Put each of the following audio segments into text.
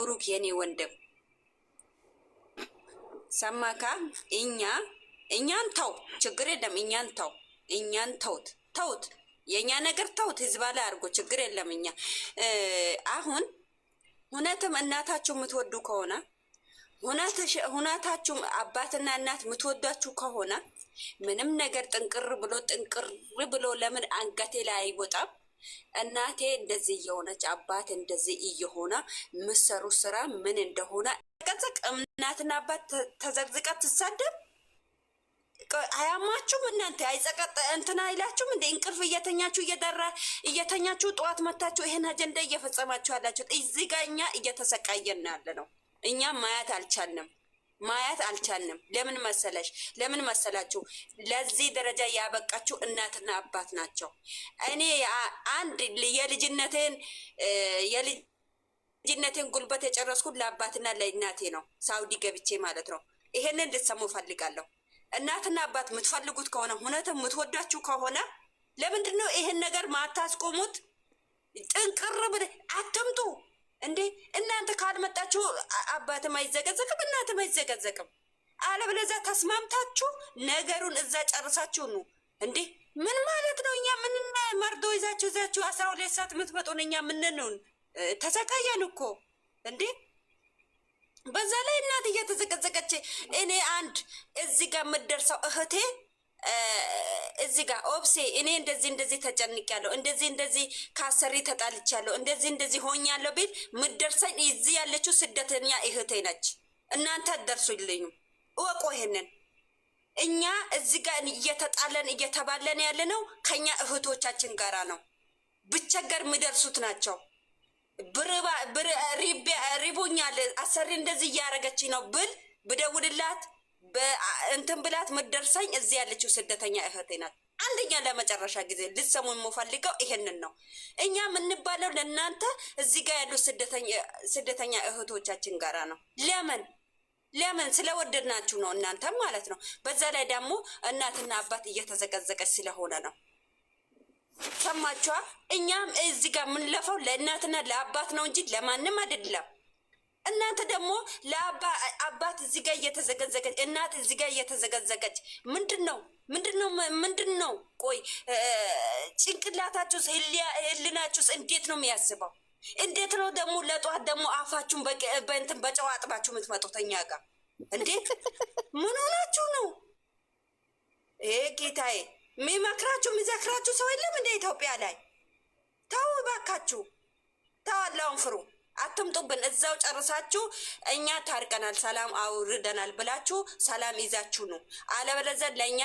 ብሩክ የኔ ወንድም ሰማካ። እኛ እኛን ተው፣ ችግር የለም። እኛን ተው፣ እኛን ተውት፣ ተውት፣ የእኛ ነገር ተውት። ህዝባ ላይ አድርጎ ችግር የለም። እኛ አሁን እውነትም እናታችሁ የምትወዱ ከሆነ ሁናታችሁ አባትና እናት የምትወዷችሁ ከሆነ ምንም ነገር ጥንቅር ብሎ ጥንቅር ብሎ ለምን አንገቴ ላይ አይወጣም? እናቴ እንደዚህ እየሆነች አባት እንደዚህ እየሆነ ምሰሩ ስራ ምን እንደሆነ ቀዘቅ እናትና አባት ተዘቅዝቃ ትሳደብ አያማችሁም? እናንተ አይጸቀጥ እንትን አይላችሁም? እንደ እንቅልፍ እየተኛችሁ እየደራ እየተኛችሁ ጠዋት መታችሁ ይህን አጀንዳ እየፈጸማችሁ ያላችሁ እዚህ ጋ እኛ እየተሰቃየን ያለ ነው። እኛም ማየት አልቻልንም። ማየት አልቻልንም። ለምን መሰለሽ? ለምን መሰላችሁ? ለዚህ ደረጃ ያበቃችሁ እናትና አባት ናቸው። እኔ አንድ የልጅነቴን የልጅነቴን ጉልበት የጨረስኩት ለአባትና ለእናቴ ነው፣ ሳውዲ ገብቼ ማለት ነው። ይሄንን እንድትሰሙ ፈልጋለሁ። እናትና አባት የምትፈልጉት ከሆነ እውነትም የምትወዳችሁ ከሆነ ለምንድን ነው ይሄን ነገር ማታስቆሙት? ጥንቅር ብለህ አትምጡ። እንዴ እናንተ ካልመጣችሁ አባትም አይዘገዘቅም እናትም አይዘገዘቅም አለብለዛ ተስማምታችሁ ነገሩን እዛ ጨርሳችሁ ነው እንዴ። ምን ማለት ነው? እኛ ምን መርዶ ይዛችሁ ይዛችሁ አስራ ሁለት ሰዓት የምትመጡን እኛ ምንነውን ተሰቃየን እኮ እንዴ። በዛ ላይ እናት እየተዘቀዘቀች እኔ አንድ እዚህ ጋር የምደርሰው እህቴ እዚ ጋ ኦብሴ እኔ እንደዚህ እንደዚህ ተጨንቅ ያለው እንደዚህ እንደዚህ ተጣልች ያለው እንደዚህ እንደዚህ ያለው ቤት ምደርሰኝ እዚህ ያለችው ስደተኛ እህቴ ነች። እናንተ ደርሱልኙ እወቁ ይሄንን። እኛ እዚህ ጋር እየተጣለን እየተባለን ያለ ነው ከኛ እህቶቻችን ጋራ ነው። ብቸገር የሚደርሱት ናቸው። ሪቡኛል አሰሪ እንደዚህ እያደረገች ነው ብል ብደውልላት እንትን ብላት እዚህ ያለችው ስደተኛ እህቴ ናት። አንደኛ ለመጨረሻ ጊዜ ልሰሙ የምፈልገው ይሄንን ነው። እኛ የምንባለው ለእናንተ እዚህ ጋር ያሉ ስደተኛ እህቶቻችን ጋራ ነው። ለምን ለምን ስለወደድናችሁ ነው እናንተ ማለት ነው። በዛ ላይ ደግሞ እናትና አባት እየተዘቀዘቀች ስለሆነ ነው። ሰማችኋ? እኛም እዚህ ጋር የምንለፈው ለእናትና ለአባት ነው እንጂ ለማንም አይደለም። እናንተ ደግሞ ለአባት እዚህ ጋር እየተዘገዘገች እናት እዚህ ጋር እየተዘገዘገች ምንድን ነው ምንድን ነው ምንድን ነው? ቆይ ጭንቅላታችሁስ ህልናችሁስ እንዴት ነው የሚያስበው? እንዴት ነው ደግሞ ለጠዋት ደግሞ አፋችሁን በእንትን በጨዋ አጥባችሁ የምትመጡት እኛ ጋር እንዴት ምን ሆናችሁ ነው? ይህ ጌታዬ የሚመክራችሁ የሚዘክራችሁ ሰው የለም እንደ ኢትዮጵያ ላይ ተው እባካችሁ ተው አላውን ፍሩ። አትምጡብን። እዛው ጨርሳችሁ እኛ ታርቀናል፣ ሰላም አውርደናል ብላችሁ ሰላም ይዛችሁ ነው። አለበለዚያ ለእኛ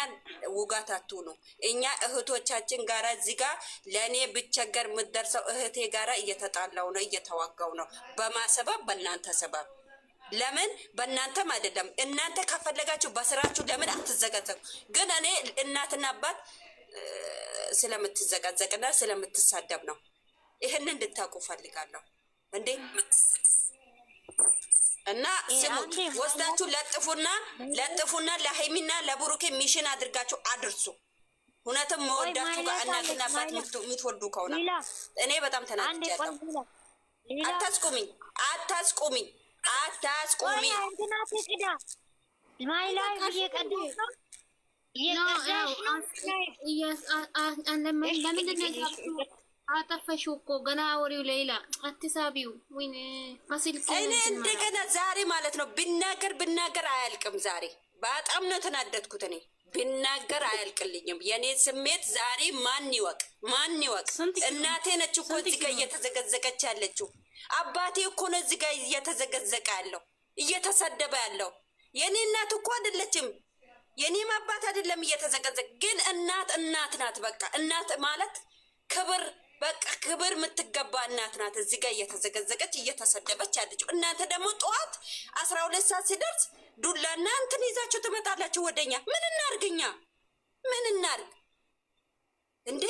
አቱ ነው። እኛ እህቶቻችን ጋራ እዚህ ጋር ለእኔ ብቸገር የምደርሰው እህቴ ጋራ እየተጣላው ነው፣ እየተዋጋው ነው። በማሰበብ በእናንተ ሰበብ ለምን በእናንተም አይደለም። እናንተ ከፈለጋችሁ በስራችሁ ለምን አትዘጋዘጉ? ግን እኔ እናትና አባት ስለምትዘጋዘቅና ስለምትሳደብ ነው። ይህንን እንድታውቁ ፈልጋለሁ። እንዴ እና ስሙ ወስዳችሁ ለጥፉና ለጥፉና ለሀይሚና ለቡሩኬ ሚሽን አድርጋችሁ አድርሱ። እውነትም መወዳችሁ ጋር እናትና አባት የምትወዱ ከሆነ እኔ በጣም ተናድጃለሁ። አታስቁሚኝ፣ አታስቁሚኝ፣ አታስቁሚኝ። አጠፈሽው እኮ ገና ወሬው ሌላ አትሳቢው። ወይኔ አስልኪ እኔ እንደገና ዛሬ ማለት ነው ብናገር ብናገር አያልቅም። ዛሬ በጣም ነው ተናደድኩት። እኔ ብናገር አያልቅልኝም። የእኔ ስሜት ዛሬ ማን ይወቅ ማን ይወቅ። እናቴ ነች እኮ እዚህ ጋ እየተዘገዘቀች ያለችው። አባቴ እኮ ነው እዚህ ጋ እየተዘገዘቀ ያለው እየተሰደበ ያለው። የእኔ እናት እኮ አይደለችም የእኔም አባት አይደለም እየተዘገዘቀ። ግን እናት እናት ናት። በቃ እናት ማለት ክብር በቃ ክብር የምትገባ እናት ናት። እዚህ ጋር እየተዘገዘገች እየተሰደበች ያለችው እናንተ ደግሞ ጠዋት አስራ ሁለት ሰዓት ሲደርስ ዱላ እናንትን ይዛችሁ ትመጣላችሁ ወደኛ። ምን እናርግኛ? ምን እናርግ እንዴ?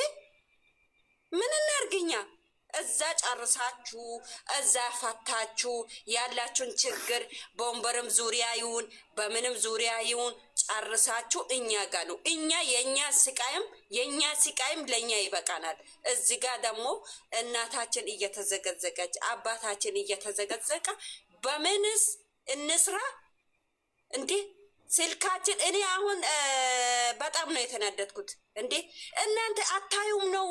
ምን እናርግኛ? እዛ ጨርሳችሁ እዛ ፈታችሁ ያላችሁን ችግር በወንበርም ዙሪያ ይሁን በምንም ዙሪያ ይሁን ጨርሳችሁ እኛ ጋ ነው። እኛ የእኛ ስቃይም የእኛ ስቃይም ለእኛ ይበቃናል። እዚ ጋ ደግሞ እናታችን እየተዘገዘቀች አባታችን እየተዘገዘቀ በምንስ እንስራ እንዴ? ስልካችን እኔ አሁን በጣም ነው የተናደድኩት። እንዴ እናንተ አታዩም ነው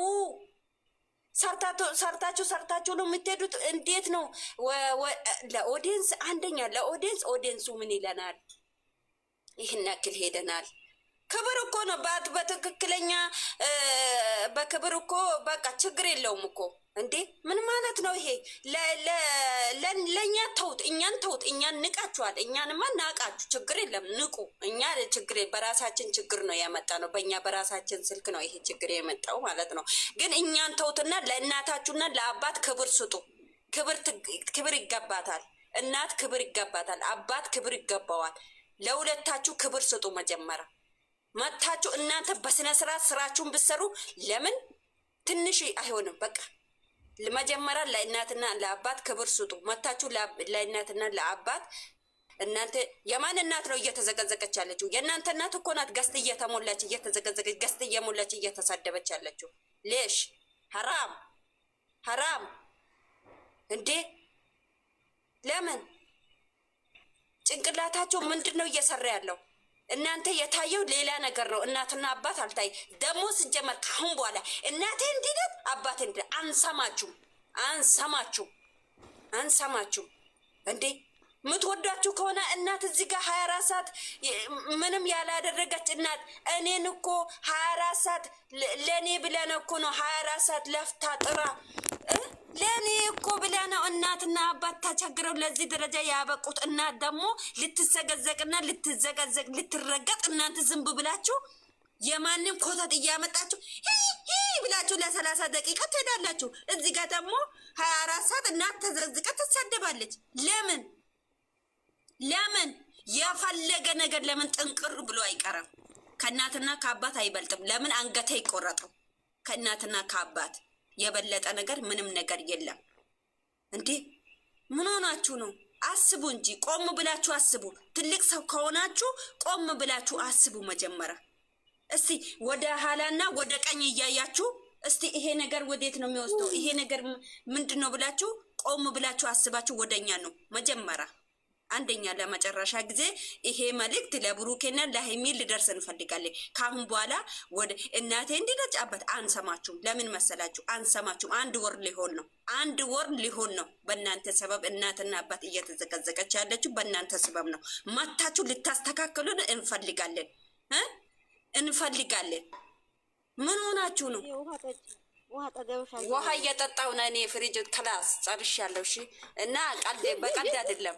ሰርታችሁ ሰርታችሁ ነው የምትሄዱት። እንዴት ነው ለኦዲየንስ? አንደኛ ለኦዲየንስ ኦዲየንሱ ምን ይለናል? ይህን ያክል ሄደናል ክብር እኮ ነው። ባት በትክክለኛ በክብር እኮ በቃ ችግር የለውም እኮ እንዴ። ምን ማለት ነው ይሄ? ለእኛ ተውት፣ እኛን ተውት። እኛን ንቃችኋል። እኛንማ ናቃችሁ። ችግር የለም ንቁ። እኛ ችግር በራሳችን ችግር ነው ያመጣ ነው። በእኛ በራሳችን ስልክ ነው ይሄ ችግር የመጣው ማለት ነው። ግን እኛን ተውትና ለእናታችሁና ለአባት ክብር ስጡ። ክብር ይገባታል። እናት ክብር ይገባታል። አባት ክብር ይገባዋል። ለሁለታችሁ ክብር ስጡ መጀመሪያ መታችሁ እናንተ በስነ ስርዓት ስራችሁን ብትሰሩ ለምን ትንሽ አይሆንም። በቃ መጀመሪያ ለእናትና ለአባት ክብር ስጡ። መታችሁ ለእናትና ለአባት እናንተ የማን እናት ነው እየተዘቀዘቀች ያለችው? የእናንተ እናት እኮ ናት። ገስት እየተሞላች እየተዘቀዘቀች ገስት እየሞላች እየተሳደበች ያለችው ሌሽ ሀራም ሀራም እንዴ! ለምን ጭንቅላታቸው ምንድን ነው እየሰራ ያለው? እናንተ የታየው ሌላ ነገር ነው። እናትና አባት አልታይ ደግሞ ስጀመር ካሁን በኋላ እናቴ እንዲለት አባቴ እንዲ አንሰማችሁም፣ አንሰማችሁም፣ አንሰማችሁም እንዴ ምትወዷችሁ ከሆነ እናት እዚህ ጋር ሀያ አራት ሰዓት ምንም ያላደረገች እናት እኔን እኮ ሀያ አራት ሰዓት ለእኔ ብለን እኮ ነው ሀያ አራት ሰዓት ለፍታ ጥራ ለእኔ እኮ ብላ ነው እናትና አባት ተቸግረው ለዚህ ደረጃ ያበቁት። እናት ደግሞ ልትዘገዘቅና ልትዘቀዘቅ ልትረገጥ እናንተ ዝንብ ብላችሁ የማንም ኮተት እያመጣችሁ ብላችሁ ለሰላሳ ደቂቃ ትሄዳላችሁ። እዚህ ጋር ደግሞ ሀያ አራት ሰዓት እናት ተዘዝቀ ትሳደባለች። ለምን ለምን የፈለገ ነገር ለምን ጥንቅር ብሎ አይቀርም? ከእናትና ከአባት አይበልጥም። ለምን አንገተ ይቆረጠው ከእናትና ከአባት የበለጠ ነገር ምንም ነገር የለም። እንዴ ምን ሆናችሁ ነው? አስቡ እንጂ ቆም ብላችሁ አስቡ። ትልቅ ሰው ከሆናችሁ ቆም ብላችሁ አስቡ። መጀመሪያ እስቲ ወደ ኋላና ወደ ቀኝ እያያችሁ እስቲ ይሄ ነገር ወዴት ነው የሚወስደው? ይሄ ነገር ምንድን ነው ብላችሁ ቆም ብላችሁ አስባችሁ ወደኛ ነው መጀመሪያ አንደኛ ለመጨረሻ ጊዜ ይሄ መልእክት ለብሩኬና ለሀይሚ ልደርስ እንፈልጋለን። ካሁን በኋላ ወደ እናቴ እንዲለጫበት አንሰማችሁም። ለምን መሰላችሁ? አንሰማችሁም። አንድ ወር ሊሆን ነው። አንድ ወር ሊሆን ነው። በእናንተ ሰበብ እናትና አባት እየተዘቀዘቀች ያለችሁ በእናንተ ሰበብ ነው። ማታችሁ ልታስተካክሉን እንፈልጋለን እንፈልጋለን። ምን ሆናችሁ ነው? ውሃ እየጠጣው ነው እኔ። ፍሪጅ ክላስ ጨርሻለሁ። እሺ። እና በቀልድ አይደለም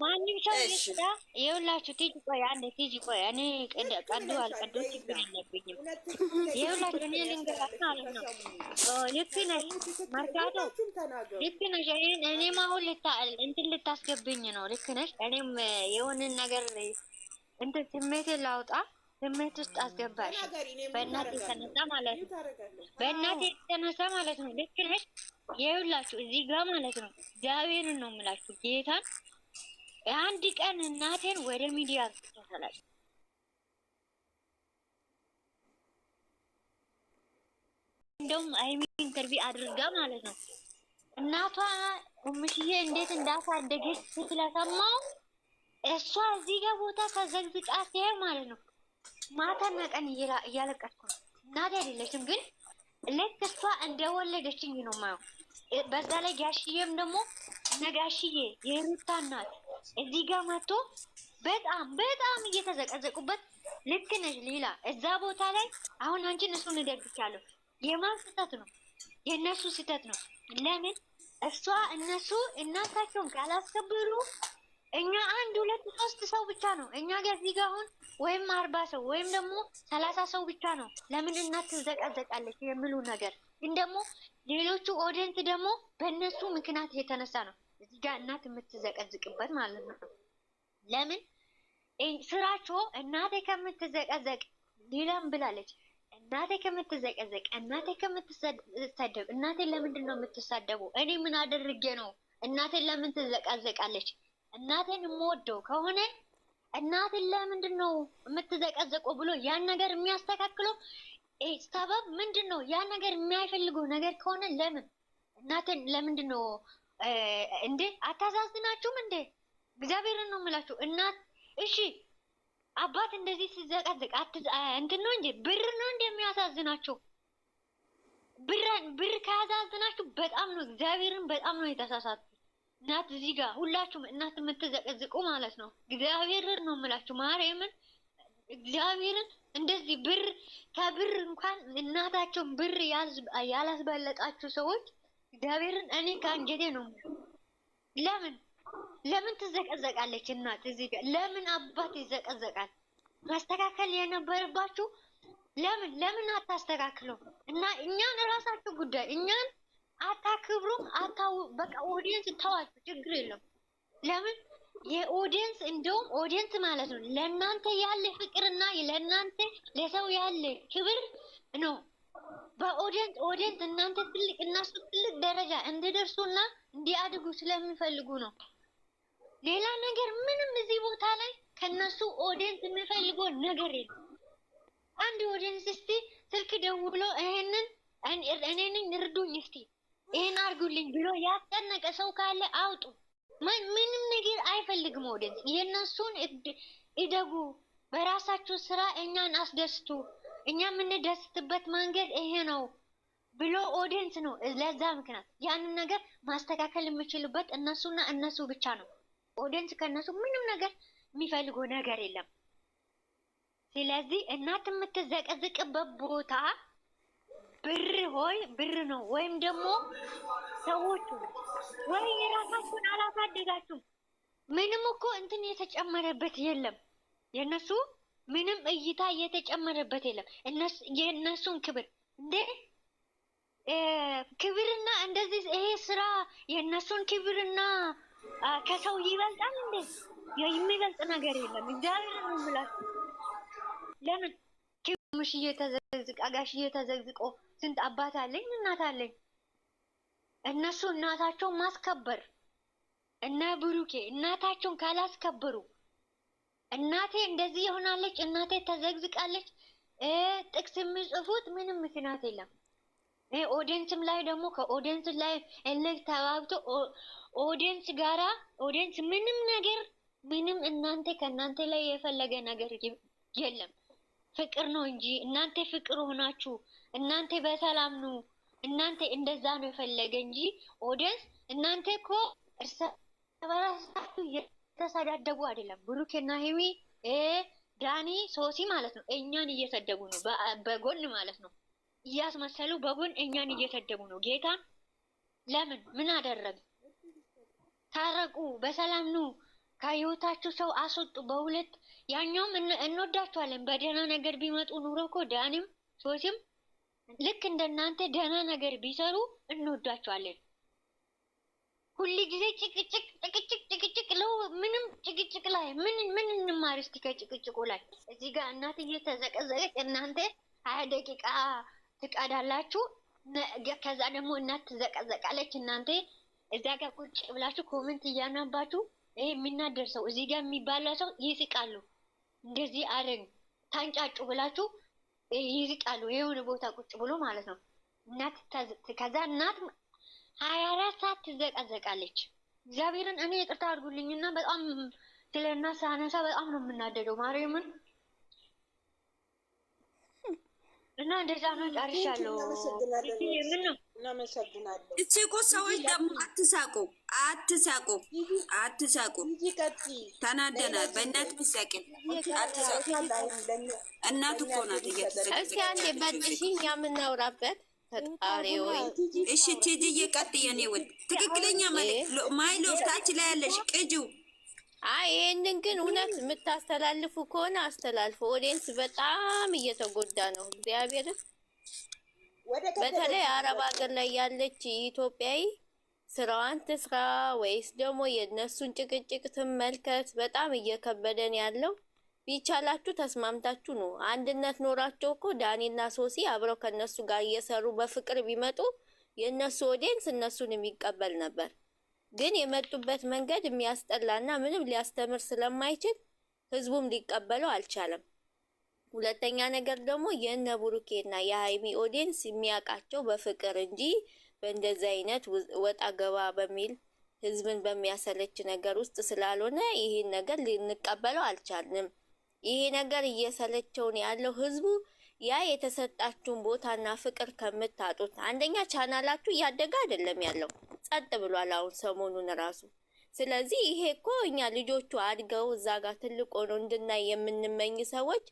ማንም ሰው ይስራ። የሁላችሁ ቲጂ ቆይ አንዴ ቲጂ ቆይ እኔ ቀዶ አልቀዶ ችግር የለብኝም። የሁላችሁ እኔ ልንገራችሁ ማለት ነው። ልክ ነሽ መርካቶ፣ ልክ ነሽ። እኔም አሁን እንትን ልታስገብኝ ነው። ልክ ነሽ። እኔም የሆንን ነገር እንትን ስሜት ላውጣ ስሜት ውስጥ አስገባሽ። በእናት የተነሳ ማለት ነው። በእናት የተነሳ ማለት ነው። ልክ ነሽ። የሁላችሁ እዚህ ጋር ማለት ነው። እግዚአብሔርን ነው የምላችሁ ጌታን አንድ ቀን እናቴን ወደ ሚዲያ ተሰላች እንደውም አይሚ ኢንተርቪ አድርጋ ማለት ነው እናቷ እምሽዬ እንዴት እንዳሳደገች ስለሰማው እሷ እዚህ ጋር ቦታ ከዘግዝቃ ሲሄድ ማለት ነው ማታና ቀን እያለቀስኩ ነው። እናቴ አይደለችም ግን ልክ እሷ እንደወለደችኝ ነው ማየው። በዛ ላይ ጋሽዬም ደግሞ ነጋሽዬ የሩታ እናት እዚህ ጋር መጥቶ በጣም በጣም እየተዘቀዘቁበት ልክ ነሽ ሌላ እዛ ቦታ ላይ አሁን አንቺን እሱን እደግቻለሁ። የማን ስህተት ነው? የእነሱ ስህተት ነው። ለምን እሷ እነሱ እናታቸውን ካላስከበሩ እኛ አንድ ሁለት ሶስት ሰው ብቻ ነው እኛ ጋር እዚህ ጋር አሁን ወይም አርባ ሰው ወይም ደግሞ ሰላሳ ሰው ብቻ ነው ለምን እናት ትዘቀዘቃለች የሚሉ ነገር ግን ደግሞ ሌሎቹ ኦዲየንስ ደግሞ በእነሱ ምክንያት የተነሳ ነው እዚህ ጋር እናት የምትዘቀዝቅበት ማለት ነው። ለምን ስራቸው እናቴ ከምትዘቀዘቅ ሌላም ብላለች። እናቴ ከምትዘቀዘቅ፣ እናቴ ከምትሰደብ፣ እናቴ ለምንድን ነው የምትሳደቡ? እኔ ምን አድርጌ ነው? እናቴን ለምን ትዘቀዘቃለች? እናቴን የምወደው ከሆነ እናቴን ለምንድን ነው የምትዘቀዘቀው ብሎ ያን ነገር የሚያስተካክለው ሰበብ ምንድን ነው? ያን ነገር የሚያይፈልገው ነገር ከሆነ ለምን እናቴን ለምንድን ነው እንዴ አታሳዝናችሁም እንዴ? እግዚአብሔርን ነው የምላችሁ። እናት እሺ፣ አባት እንደዚህ ሲዘቀዝቅ እንትን ነው እንጂ ብር ነው እንዴ የሚያሳዝናችሁ። ብር ከያዛዝናችሁ በጣም ነው እግዚአብሔርን፣ በጣም ነው የተሳሳቱ እናት። እዚህ ጋር ሁላችሁም እናት የምትዘቀዝቁ ማለት ነው። እግዚአብሔርን ነው የምላችሁ ማርያምን፣ እግዚአብሔርን እንደዚህ ብር ከብር እንኳን እናታቸውን ብር ያላስበለጣችሁ ሰዎች እግዚአብሔርን እኔ ከአንጀቴ ነው። ለምን ለምን ትዘቀዘቃለች እናት እዚህ ጋር? ለምን አባት ይዘቀዘቃል? ማስተካከል የነበረባችሁ ለምን ለምን አታስተካክለው? እና እኛን እራሳችሁ ጉዳይ እኛን አታክብሩም። አታው በቃ ኦዲየንስ ተዋችሁ፣ ችግር የለም። ለምን የኦዲየንስ እንደውም ኦዲየንስ ማለት ነው ለእናንተ ያለ ፍቅርና ለእናንተ ለሰው ያለ ክብር ነው። በኦዲየንስ ኦዲየንስ እናንተ ትልቅ እነሱ ትልቅ ደረጃ እንዲደርሱና እንዲያድጉ ስለሚፈልጉ ነው። ሌላ ነገር ምንም እዚህ ቦታ ላይ ከነሱ ኦዲየንስ የሚፈልጉ ነገር የለም። አንድ ኦዲየንስ እስቲ ስልክ ደውሎ ይሄንን እኔንን እርዱኝ እስቲ ይሄን አድርጉልኝ ብሎ ያስጨነቀ ሰው ካለ አውጡ። ምንም ነገር አይፈልግም ኦዲየንስ የእነሱን እደጉ፣ በራሳችሁ ስራ እኛን አስደስቱ እኛ የምንደስትበት መንገድ ይሄ ነው ብሎ ኦዲየንስ ነው። ለዛ ምክንያት ያንን ነገር ማስተካከል የምችልበት እነሱና እነሱ ብቻ ነው። ኦዲየንስ ከእነሱ ምንም ነገር የሚፈልገው ነገር የለም። ስለዚህ እናት የምትዘቀዝቅበት ቦታ ብር ሆይ ብር ነው፣ ወይም ደግሞ ሰዎቹ ወይ የራሳችሁን አላሳደጋችሁም። ምንም እኮ እንትን የተጨመረበት የለም የእነሱ ምንም እይታ እየተጨመረበት የለም። የእነሱን ክብር እንዴ ክብርና እንደዚህ ይሄ ስራ የእነሱን ክብርና ከሰው ይበልጣል እንዴ? የሚበልጥ ነገር የለም። እግዚአብሔር ነው የምላችሁ። ለምን ሙሽዬ እየተዘግዝቅ አጋሽ እየተዘግዝቆ ስንት አባት አለኝ እናት አለኝ። እነሱ እናታቸውን ማስከበር እነ ብሩኬ እናታቸውን ካላስከበሩ እናቴ እንደዚህ ይሆናለች፣ እናቴ ተዘግዝቃለች፣ ጥቅስ የሚጽፉት ምንም ምክንያት የለም። ኦዲየንስም ላይ ደግሞ ከኦዲየንስ ላይ እልህ ተባብቶ ኦዲየንስ ጋራ ኦዲየንስ ምንም ነገር ምንም እናንተ ከእናንተ ላይ የፈለገ ነገር የለም። ፍቅር ነው እንጂ እናንተ ፍቅር ሆናችሁ እናንተ በሰላም ነው እናንተ እንደዛ ነው የፈለገ እንጂ ኦዲየንስ እናንተ እኮ እርስ በራሳችሁ እየተሰዳደቡ አይደለም። ብሩኬና ሂሚ ዳኒ፣ ሶሲ ማለት ነው እኛን እየሰደቡ ነው። በጎን ማለት ነው እያስመሰሉ በጎን እኛን እየሰደቡ ነው። ጌታን ለምን ምን አደረግ? ታረቁ፣ በሰላም ኑ፣ ከህይወታችሁ ሰው አስወጡ። በሁለት ያኛውም እንወዳቸዋለን በደህና ነገር ቢመጡ ኑሮ እኮ ዳኒም ሶሲም ልክ እንደናንተ ደህና ነገር ቢሰሩ እንወዳቸዋለን። ሁል ጊዜ ጭቅጭቅ ጭቅጭቅ ጭቅጭቅ ለው ምንም ጭቅጭቅ ላይ ምን ምን እንማር እስቲ ከጭቅጭቁ ላይ እዚህ ጋር እናትዬ ተዘቀዘቀች። እናንተ ሀያ ደቂቃ ትቀዳላችሁ። ከዛ ደግሞ እናት ትዘቀዘቃለች። እናንተ እዚያ ጋር ቁጭ ብላችሁ ኮመንት እያናባችሁ ይሄ የሚናደር ሰው እዚህ ጋር የሚባላ ሰው ይስቃሉ። እንደዚህ አረግ ታንጫጩ ብላችሁ ይስቃሉ። የሆነ ቦታ ቁጭ ብሎ ማለት ነው እናት ከዛ እናት ሀያ አራት ሰዓት ትዘቃዘቃለች። እግዚአብሔርን እኔ ይቅርታ አድርጉልኝና በጣም ስለና ሳነሳ በጣም ነው የምናደደው። ማርያምን እና እንደዛ ነው። ጨርሻለሁ። እቺ እኮ ሰዎች ደግሞ አትሳቁ፣ አትሳቁ፣ አትሳቁ። ተናደናል። በእናት ሚሳቂ አትሳቁ። እናት እኮ ናት እየተሰ እስኪ አንዴ በጥሽኝ ያምናውራበት ፈጣሪ ወይ እሺ፣ ቲጂዬ ቀጥዬ የኔ ውድ ትክክለኛ መልክ ማይሎፍ ታች ላይ ያለሽ ቅጂው። አይ ይሄንን ግን እውነት የምታስተላልፉ ከሆነ አስተላልፉ። ኦዲየንስ በጣም እየተጎዳ ነው። እግዚአብሔር በተለይ አረብ ሀገር ላይ ያለች ኢትዮጵያዊ ስራዋን ትስራ ወይስ ደግሞ የእነሱን ጭቅጭቅ ትመልከት። በጣም እየከበደን ያለው ቢቻላችሁ ተስማምታችሁ ነው። አንድነት ኖራቸው እኮ ዳኒና ሶሲ አብረው ከነሱ ጋር እየሰሩ በፍቅር ቢመጡ የእነሱ ኦዲየንስ እነሱን የሚቀበል ነበር። ግን የመጡበት መንገድ የሚያስጠላና ምንም ሊያስተምር ስለማይችል ህዝቡም ሊቀበለው አልቻለም። ሁለተኛ ነገር ደግሞ የእነ ቡሩኬና የሀይሚ ኦዲየንስ የሚያውቃቸው በፍቅር እንጂ በእንደዚህ አይነት ወጣ ገባ በሚል ህዝብን በሚያሰለች ነገር ውስጥ ስላልሆነ ይህን ነገር ልንቀበለው አልቻልንም። ይሄ ነገር እየሰለቸውን ያለው ህዝቡ ያ የተሰጣችሁን ቦታና ፍቅር ከምታጡት አንደኛ ቻናላችሁ እያደገ አይደለም ያለው፣ ጸጥ ብሏል አሁን ሰሞኑን ራሱ። ስለዚህ ይሄ እኮ እኛ ልጆቹ አድገው እዛ ጋር ትልቅ ሆኖ እንድናይ የምንመኝ ሰዎች፣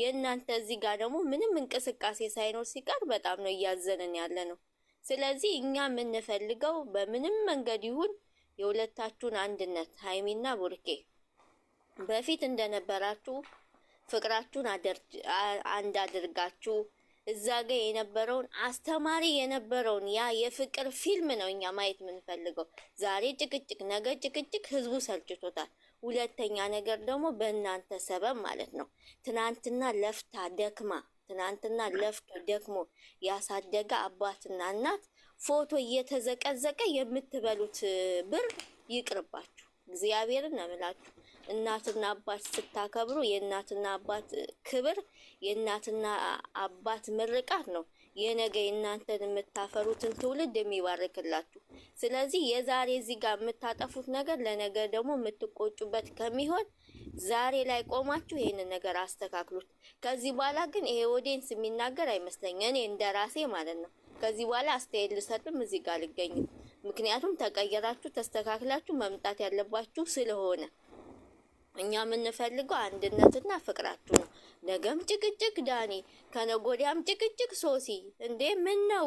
የእናንተ እዚህ ጋር ደግሞ ምንም እንቅስቃሴ ሳይኖር ሲቀር በጣም ነው እያዘንን ያለ ነው። ስለዚህ እኛ የምንፈልገው በምንም መንገድ ይሁን የሁለታችሁን አንድነት ሀይሚና ቡርኬ በፊት እንደነበራችሁ ፍቅራችሁን አንድ አድርጋችሁ እዛ ጋ የነበረውን አስተማሪ የነበረውን ያ የፍቅር ፊልም ነው እኛ ማየት የምንፈልገው። ዛሬ ጭቅጭቅ፣ ነገ ጭቅጭቅ ህዝቡ ሰልችቶታል። ሁለተኛ ነገር ደግሞ በእናንተ ሰበብ ማለት ነው። ትናንትና ለፍታ ደክማ ትናንትና ለፍቶ ደክሞ ያሳደገ አባትና እናት ፎቶ እየተዘቀዘቀ የምትበሉት ብር ይቅርባችሁ። እግዚአብሔርን ነው የምላችሁ። እናትና አባት ስታከብሩ የእናትና አባት ክብር የእናትና አባት ምርቃት ነው የነገ የእናንተን የምታፈሩትን ትውልድ የሚባርክላችሁ። ስለዚህ የዛሬ እዚህ ጋር የምታጠፉት ነገር ለነገ ደግሞ የምትቆጩበት ከሚሆን ዛሬ ላይ ቆማችሁ ይህንን ነገር አስተካክሉት። ከዚህ በኋላ ግን ይሄ ኦዲየንስ የሚናገር አይመስለኝ እኔ እንደ ራሴ ማለት ነው። ከዚህ በኋላ አስተያየት ልሰጥም እዚህ ጋር አልገኝም። ምክንያቱም ተቀየራችሁ፣ ተስተካክላችሁ መምጣት ያለባችሁ ስለሆነ እኛ የምንፈልገው አንድነትና ፍቅራችሁ ነው። ነገም ጭቅጭቅ ዳኒ፣ ከነጎዲያም ጭቅጭቅ ሶሲ። እንዴ ምን ነው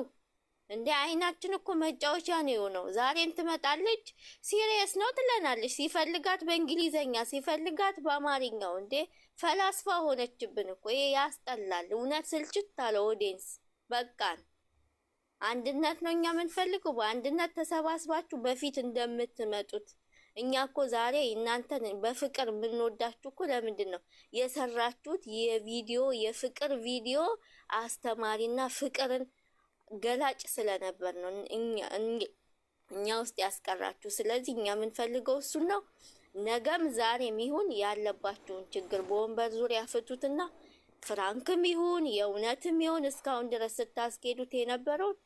እንዴ? አይናችን እኮ መጫወቻ ነው የሆነው። ዛሬም ትመጣለች፣ ሲሪየስ ነው ትለናለች። ሲፈልጋት በእንግሊዘኛ ሲፈልጋት በአማርኛው። እንዴ ፈላስፋ ሆነችብን እኮ ይሄ ያስጠላል። እውነት ስልችት አለ ኦዲንስ በቃን። አንድነት ነው እኛ የምንፈልገው። በአንድነት ተሰባስባችሁ በፊት እንደምትመጡት እኛ እኮ ዛሬ እናንተን በፍቅር የምንወዳችሁ እኮ ለምንድን ነው የሰራችሁት? የቪዲዮ የፍቅር ቪዲዮ አስተማሪና ፍቅርን ገላጭ ስለነበር ነው እኛ ውስጥ ያስቀራችሁ። ስለዚህ እኛ የምንፈልገው እሱን ነው። ነገም ዛሬም ይሁን ያለባችሁን ችግር በወንበር ዙሪያ ፍቱትና ፍራንክም ይሁን የእውነትም ይሁን እስካሁን ድረስ ስታስኬዱት የነበረውን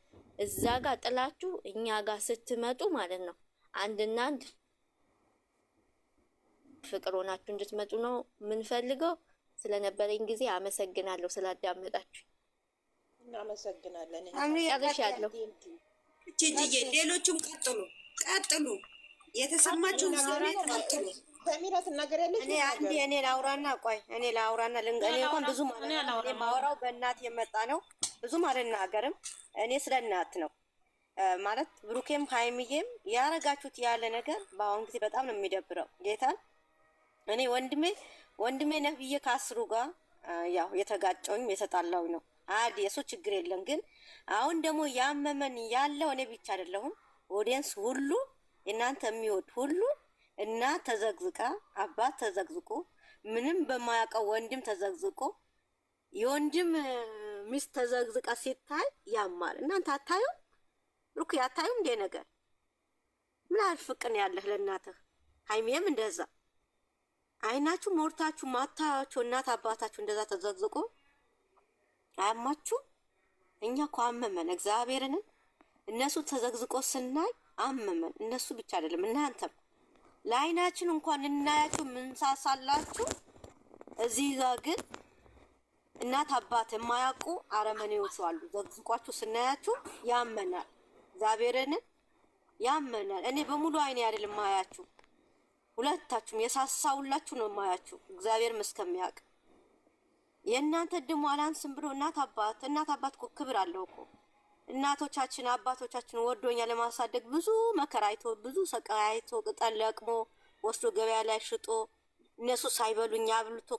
እዛ ጋር ጥላችሁ እኛ ጋር ስትመጡ ማለት ነው አንድና አንድ ፍቅር ሆናችሁ እንድትመጡ ነው የምንፈልገው። ስለነበረኝ ጊዜ አመሰግናለሁ፣ ስላዳመጣችሁ እናመሰግናለን። ጨርሻለሁ። ችንጅዬ ሌሎቹም ቀጥሉ ቀጥሉ፣ የተሰማችሁን ስሜት ቀጥሉ። በሚረት ነገር ያለች እኔ እኔ ላውራና ቆይ እኔ ላውራና ልንገኔ እንኳን ብዙ ማለት ማወራው በእናት የመጣ ነው። ብዙም አልናገርም። እኔ ስለ እናት ነው ማለት ብሩኬም ሀይሚዬም ያረጋችሁት ያለ ነገር በአሁን ጊዜ በጣም ነው የሚደብረው ጌታን እኔ ወንድሜ ወንድሜ ነብዬ ብዬ ከአስሩ ጋር ያው የተጋጨውኝ የተጣላው ነው አድ የሱ ችግር የለም። ግን አሁን ደግሞ ያመመን ያለው እኔ ብቻ አይደለሁም። ኦዲየንስ ሁሉ እናንተ የሚወድ ሁሉ እና ተዘግዝቃ፣ አባት ተዘግዝቆ፣ ምንም በማያውቀው ወንድም ተዘግዝቆ፣ የወንድም ሚስት ተዘግዝቃ ሲታይ ያማል። እናንተ አታዩም? ሩክ አታዩም? እንዴ ነገር ምን አልፍቅን ያለህ ለእናትህ። ሀይሚየም እንደዛ አይናችሁ ሞርታችሁ ማታያችሁ እናት አባታችሁ እንደዛ ተዘቅዝቆ አያማችሁ? እኛ እኮ አመመን እግዚአብሔርን እነሱ ተዘግዝቆ ስናይ አመመን። እነሱ ብቻ አይደለም እናንተም ለአይናችን እንኳን እናያችሁ ምንሳሳላችሁ። እዚህ ጋር ግን እናት አባት የማያውቁ አረመኔዎች አሉ። ዘግዝቋችሁ ስናያችሁ ያመናል፣ እግዚአብሔርን ያመናል። እኔ በሙሉ አይኔ አይደል ማያችሁ ሁለታችሁም የሳሳውላችሁ ነው የማያችሁ። እግዚአብሔር እስከሚያውቅ የእናንተ ድሞ አላንስም ብሎ እናት አባት እናት አባት እኮ ክብር አለው እኮ እናቶቻችን አባቶቻችን ወዶኛ ለማሳደግ ብዙ መከራ አይቶ ብዙ ሰቃይ አይቶ ቅጠል ለቅሞ ወስዶ ገበያ ላይ ሽጦ እነሱ ሳይበሉኛ እኛ አብልቶ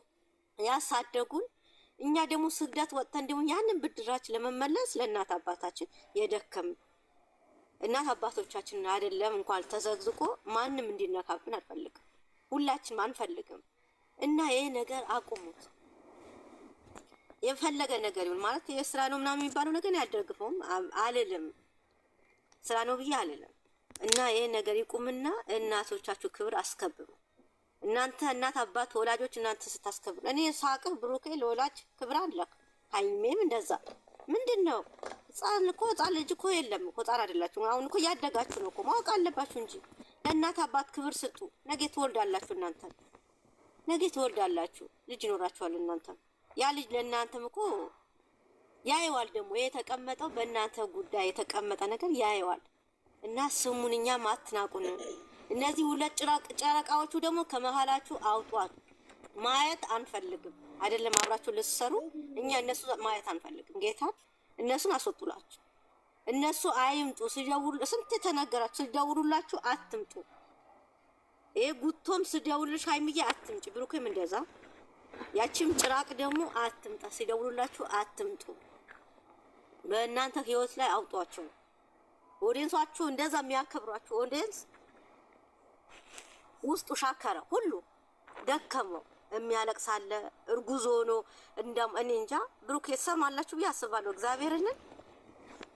ያሳደጉን። እኛ ደግሞ ስግደት ወጥተን ደግሞ ያንን ብድራችን ለመመለስ ለእናት አባታችን የደከምን እናት አባቶቻችንን አይደለም እንኳን ተዘግዝቆ ማንም እንዲነካብን አልፈልግም፣ ሁላችንም አንፈልግም። እና ይህ ነገር አቁሙት። የፈለገ ነገር ይሁን ማለት የስራ ነው ምናምን የሚባለው ነገር ያደርግፈውም አልልም፣ ስራ ነው ብዬ አልልም። እና ይህ ነገር ይቁምና እናቶቻችሁ ክብር አስከብሩ። እናንተ እናት አባት ወላጆች እናንተ ስታስከብሩ እኔ ሳቅፍ ብሩኬ ለወላጅ ክብር አለ። ሀይሜም እንደዛ ምንድን ነው ህጻን እኮ ህጻን ልጅ እኮ የለም እኮ ህጻን አይደላችሁ። አሁን እኮ እያደጋችሁ ነው እኮ ማወቅ አለባችሁ እንጂ ለእናት አባት ክብር ስጡ። ነገ ትወልዳላችሁ፣ እናንተ ነገ ትወልዳላችሁ፣ ልጅ ይኖራችኋል። እናንተ ያ ልጅ ለእናንተም እኮ ያየዋል። ደግሞ የተቀመጠው በእናንተ ጉዳይ የተቀመጠ ነገር ያየዋል። እና ስሙን ማትናቁ ነው። እነዚህ ሁለት ጨረቃዎቹ ደግሞ ከመሀላችሁ አውጧት። ማየት አንፈልግም። አይደለም አብራችሁ ልትሰሩ እኛ እነሱ ማየት አንፈልግም ጌታ እነሱን አስወጡላቸው። እነሱ አይምጡ ስደውሉ ስንት ተነገራችሁ። ስደውሉላችሁ አትምጡ። ይሄ ጉቶም ስደውልሽ ሀይሚዬ አትምጪ፣ ብሩኬም እንደዛ ያቺም ጭራቅ ደግሞ አትምጣ። ሲደውሉላችሁ አትምጡ። በእናንተ ህይወት ላይ አውጧቸው። ኦዲየንሳችሁ እንደዛ የሚያከብሯችሁ ኦዲየንስ ውስጡ ሻከረ፣ ሁሉ ደከመው። የሚያለቅስ አለ። ሆኖ እንደም እኔ እንጃ። ብሩክ ትሰማላችሁ ብዬ አስባለሁ። እግዚአብሔርን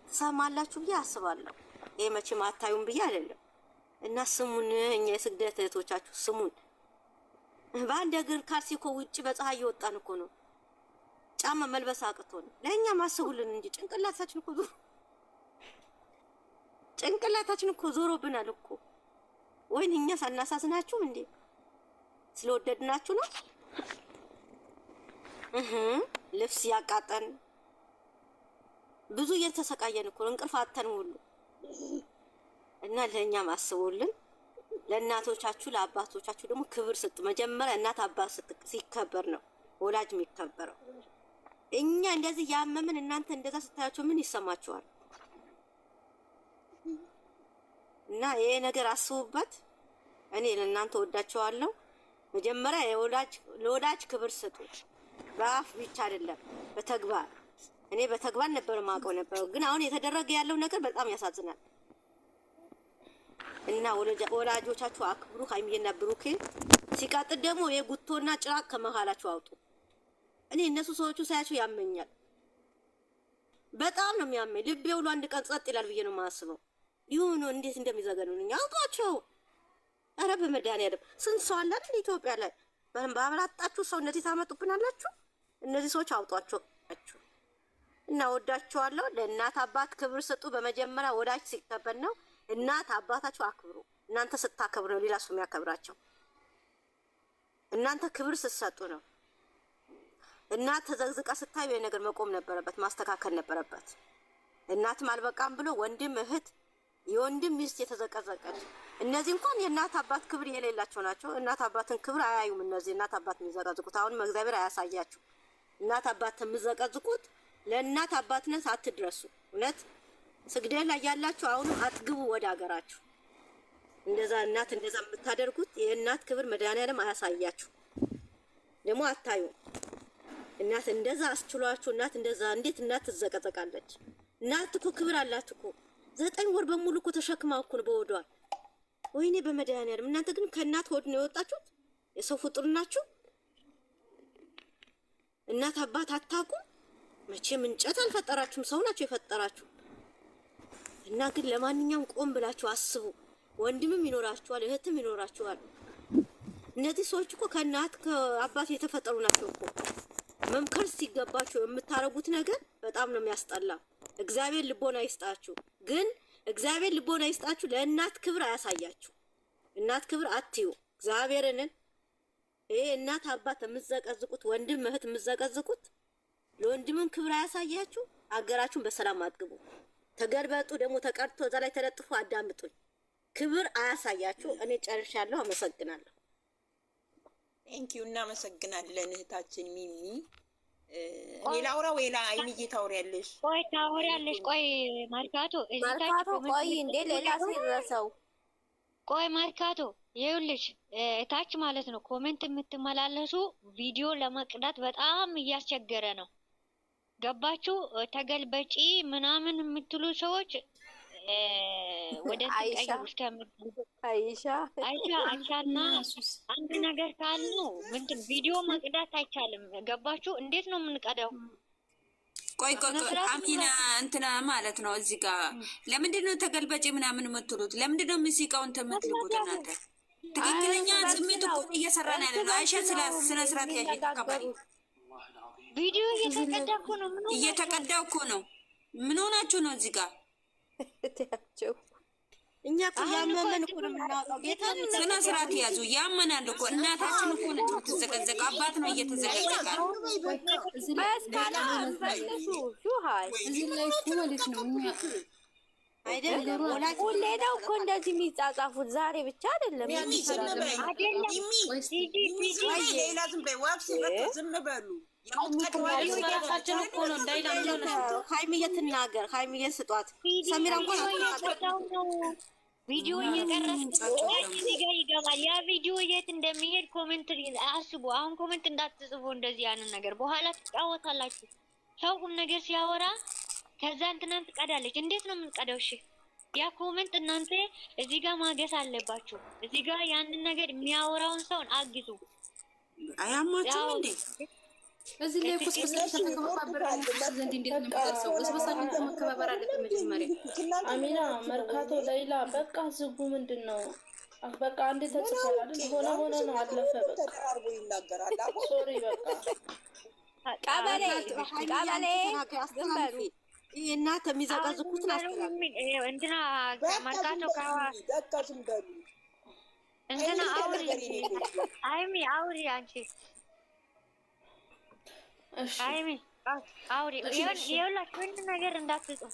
ትሰማላችሁ ብዬ አስባለሁ። ይሄ መቼም አታዩም ብዬ አይደለም እና ስሙን፣ እኛ የስግደት እህቶቻችሁ ስሙን። በአንድ እግር ካልሲ ውጭ በፀሐይ እየወጣን እኮ ነው። ጫማ መልበስ አቅቶ ለኛ ለእኛ ማስቡልን እንጂ ጭንቅላታችን እኮ ዞሮ ጭንቅላታችን እኮ ዞሮብናል እኮ። ወይን እኛ ሳናሳዝናችሁም እንዴ? ስለወደድናችሁ ነው። ልብስ ያቃጠን ብዙ እየተሰቃየን እኮ እንቅልፍ አተን ሁሉ እና ለእኛም አስቡልን። ለእናቶቻችሁ ለአባቶቻችሁ ደግሞ ክብር ስጡ። መጀመሪያ እናት አባት ሲከበር ነው ወላጅ የሚከበረው። እኛ እንደዚህ ያመምን እናንተ እንደዛ ስታያቸው ምን ይሰማችኋል? እና ይሄ ነገር አስቡበት። እኔ ለእናንተ ወዳቸዋለሁ። መጀመሪያ ለወዳጅ ክብር ስጡ። በአፍ ብቻ አይደለም፣ በተግባር እኔ በተግባር ነበር ማውቀው ነበረው። ግን አሁን የተደረገ ያለው ነገር በጣም ያሳዝናል። እና ወላጆቻችሁ አክብሩ፣ ሀይሚዬና ብሩኬ። ሲቀጥል ደግሞ የጉቶና ጭራቅ ከመሀላችሁ አውጡ። እኔ እነሱ ሰዎቹ ሳያቸው ያመኛል፣ በጣም ነው የሚያመኝ። ልቤ ውሎ አንድ ቀን ጸጥ ይላል ብዬ ነው የማስበው። ይሁኑ እንዴት እንደሚዘገኑኝ አውቃቸው ኧረ በመድኃኒዓለም ስንት ሰው አለ አይደል ኢትዮጵያ ላይ ባላጣችሁ ሰው እነዚህ ታመጡብናላችሁ። እነዚህ ሰዎች አውጧቸው ናችሁ እና ወዳችኋለሁ። ለእናት አባት ክብር ስጡ። በመጀመሪያ ወዳጅ ሲከበር ነው። እናት አባታችሁ አክብሩ። እናንተ ስታከብሩ ነው ሌላ ሰው የሚያከብራቸው። እናንተ ክብር ስትሰጡ ነው። እናት ተዘግዝቃ ስታዩ ነገር መቆም ነበረበት፣ ማስተካከል ነበረበት። እናትም አልበቃም ብሎ ወንድም እህት የወንድም ሚስት የተዘቀዘቀች እነዚህ እንኳን የእናት አባት ክብር የሌላቸው ናቸው። እናት አባትን ክብር አያዩም። እነዚህ እናት አባት የሚዘቀዝቁት አሁንም እግዚአብሔር አያሳያችሁ። እናት አባት የምዘቀዝቁት ለእናት አባትነት አትድረሱ። እውነት ስግደት ላይ ያላችሁ አሁንም አትግቡ ወደ ሀገራችሁ። እንደዛ እናት እንደዛ የምታደርጉት የእናት ክብር መድኃኒዓለም አያሳያችሁ። ደግሞ አታዩ እናት እንደዛ አስችሏችሁ። እናት እንደዛ እንዴት እናት ትዘቀዘቃለች? እናት እኮ ክብር አላት እኮ ዘጠኝ ወር በሙሉ እኮ ተሸክማ እኮ በወዷል ወይኔ በመድኃኒዓለም እናንተ ግን ከእናት ሆድ ነው የወጣችሁት። የሰው ፍጡር ናችሁ። እናት አባት አታውቁም። መቼም እንጨት አልፈጠራችሁም፣ ሰው ናቸው የፈጠራችሁ። እና ግን ለማንኛውም ቆም ብላችሁ አስቡ። ወንድምም ይኖራችኋል፣ እህትም ይኖራችኋል። እነዚህ ሰዎች እኮ ከእናት ከአባት የተፈጠሩ ናቸው እኮ። መምከር ሲገባችሁ የምታረጉት ነገር በጣም ነው የሚያስጠላ። እግዚአብሔር ልቦና ይስጣችሁ ግን እግዚአብሔር ልቦና ይስጣችሁ። ለእናት ክብር አያሳያችሁ። እናት ክብር አትዩ። እግዚአብሔርንን ይሄ እናት አባት የምዘቀዝቁት ወንድም እህት የምዘቀዝቁት ለወንድምም ክብር አያሳያችሁ። አገራችሁን በሰላም አጥግቡ። ተገልበጡ ደግሞ ተቀርቶ እዛ ላይ ተለጥፎ አዳምጡኝ። ክብር አያሳያችሁ። እኔ ጨርሻለሁ። አመሰግናለሁ። ቴንኪዩ። እናመሰግናለን እህታችን ሚሚ እኔ ላውራ ወይ አይንዬ ታወሪያለሽ? ቆይ ታወሪያለሽ። ቆይ ማርካቶ ማርካቶ፣ ቆይ እንዴ ሌላ ሲረሰው ቆይ ማርካቶ ይኸውልሽ እታች ማለት ነው ኮሜንት የምትመላለሱ ቪዲዮ ለመቅዳት በጣም እያስቸገረ ነው። ገባችሁ? ተገልበጪ ምናምን የምትሉ ሰዎች ወደ አይሻ አይሻና አንድ ነገር ካሉ ምንድን ቪዲዮ መቅዳት አይቻልም። ገባችሁ? እንዴት ነው የምንቀደው? ቆይ ቆይ ቆይ አሚና እንትና ማለት ነው። እዚህ ጋር ለምንድን ነው ተገልባጭ ምናምን የምትሉት? ለምንድን ነው ሙዚቃውን የምትልቁት እናንተ? ትክክለኛ ስሜት እኮ እየሰራን ያለ ነው። አይሻ ስነ ስርዓት ያለ ከባድ ቪዲዮ እየተቀዳ እኮ ነው። ምን እየተቀዳ እኮ ነው። ምን ሆናችሁ ነው እዚህ ጋር እኛ እኮ ያመመን እኮ ነው የምናወጣው። ስነ ስርዓት ያዙ። ያመናል እኮ እናታችን እኮ ነች የምትዘቀዘቀው። አባት ነው እየተዘቀዘቀ ሁሌ ነው እኮ እንደዚህ የሚጻጻፉት፣ ዛሬ ብቻ አይደለም። ሌላ ዝም በይ፣ ዝም በሉ ራሳችን እኮ ነው እንዳይላም ሰሚራ ቪዲዮ ይገባል። ያ ቪዲዮ የት እንደሚሄድ ኮሜንት አስቡ። አሁን ኮሜንት እንዳትጽፉ እንደዚህ ያንን ነገር በኋላ ትጫወታላችሁ። ሰው ቁም ነገር ሲያወራ ከዛ እንትናን ትቀዳለች። እንዴት ነው የምንቀዳው? እሺ ያ ኮመንት እናንተ እዚህ ጋር ማገስ አለባችሁ። እዚህ ጋር ያንን ነገር የሚያወራውን ሰውን አግዙ። አያማችሁም እንዴ? እዚህ ላይ ቁስቁስ ተተከባበር ዘንድ እንዴት ነው የሚደርሰው? ቁስቁሳችን አሚና መርካቶ ለይላ በቃ ዝጉ ምንድን ነው በቃ አንድ አይደል? ሆነ ሆነ ነው አለፈ። በቃ ሶሪ በቃ አውሪ አይሚ አውሪ አንቺ የሁላችሁን ነገር እንዳትጽፉ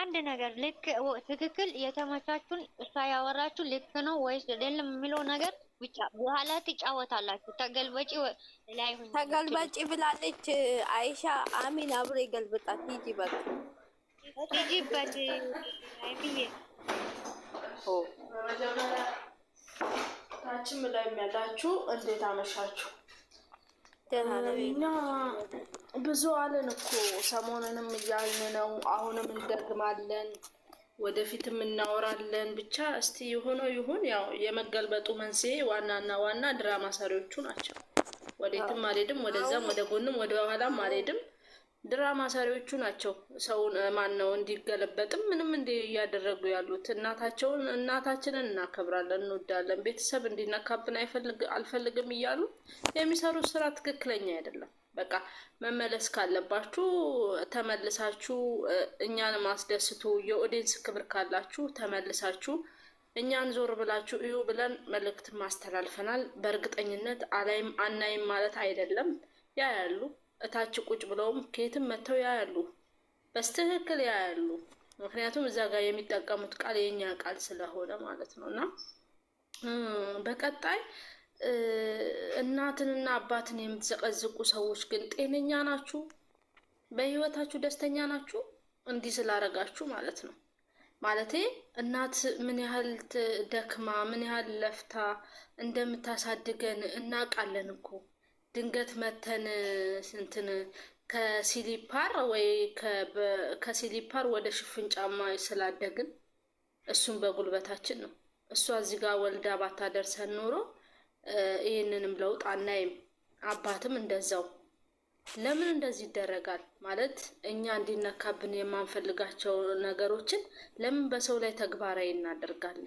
አንድ ነገር ልክ ትክክል የተመቻቹን እሷ ያወራችሁ ልክ ነው ወይስ አይደለም የሚለው ነገር ብቻ በኋላ ትጫወታላችሁ። ተገልበጪ ላይ ተገልበጪ ብላለች አይሻ አሚን አብሮ ይገልብጣት ሂጂ በቃ ሂጂበት አይብዬ ታችም ላይ የሚያላችሁ እንዴት አመሻችሁ? እና ብዙ አለን እኮ ሰሞኑንም እያልን ነው። አሁንም እንደግማለን፣ ወደፊትም እናወራለን። ብቻ እስቲ የሆነው ይሁን። ያው የመገልበጡ መንስኤ ዋናና ዋና ድራማ ሰሪዎቹ ናቸው። ወዴትም አልሄድም፣ ወደዛም ወደ ጎንም ወደ ኋላም አልሄድም። ድራማ ሰሪዎቹ ናቸው። ሰውን ማን ነው እንዲገለበጥም ምንም እንዲ እያደረጉ ያሉት። እናታቸውን እናታችንን እናከብራለን፣ እንወዳለን፣ ቤተሰብ እንዲነካብን አልፈልግም እያሉ የሚሰሩት ስራ ትክክለኛ አይደለም። በቃ መመለስ ካለባችሁ ተመልሳችሁ እኛን ማስደስቱ፣ የኦዲንስ ክብር ካላችሁ ተመልሳችሁ እኛን ዞር ብላችሁ እዩ ብለን መልእክት ማስተላልፈናል። በእርግጠኝነት አላይም አናይም ማለት አይደለም ያ ያሉ እታች ቁጭ ብለውም ከየትም መጥተው ያያሉ። በስትክክል ያያሉ። ምክንያቱም እዛ ጋር የሚጠቀሙት ቃል የኛ ቃል ስለሆነ ማለት ነው። እና በቀጣይ እናትንና አባትን የምትዘቀዝቁ ሰዎች ግን ጤነኛ ናችሁ? በህይወታችሁ ደስተኛ ናችሁ? እንዲህ ስላረጋችሁ ማለት ነው። ማለቴ እናት ምን ያህል ደክማ ምን ያህል ለፍታ እንደምታሳድገን እናውቃለን እኮ ድንገት መተን እንትን ከሲሊፓር ወይ ከሲሊፓር ወደ ሽፍን ጫማ ስላደግን እሱን በጉልበታችን ነው። እሷ እዚህ ጋር ወልዳ ባታደርሰን ኖሮ ይህንንም ለውጥ አናይም። አባትም እንደዛው። ለምን እንደዚህ ይደረጋል? ማለት እኛ እንዲነካብን የማንፈልጋቸው ነገሮችን ለምን በሰው ላይ ተግባራዊ እናደርጋለን?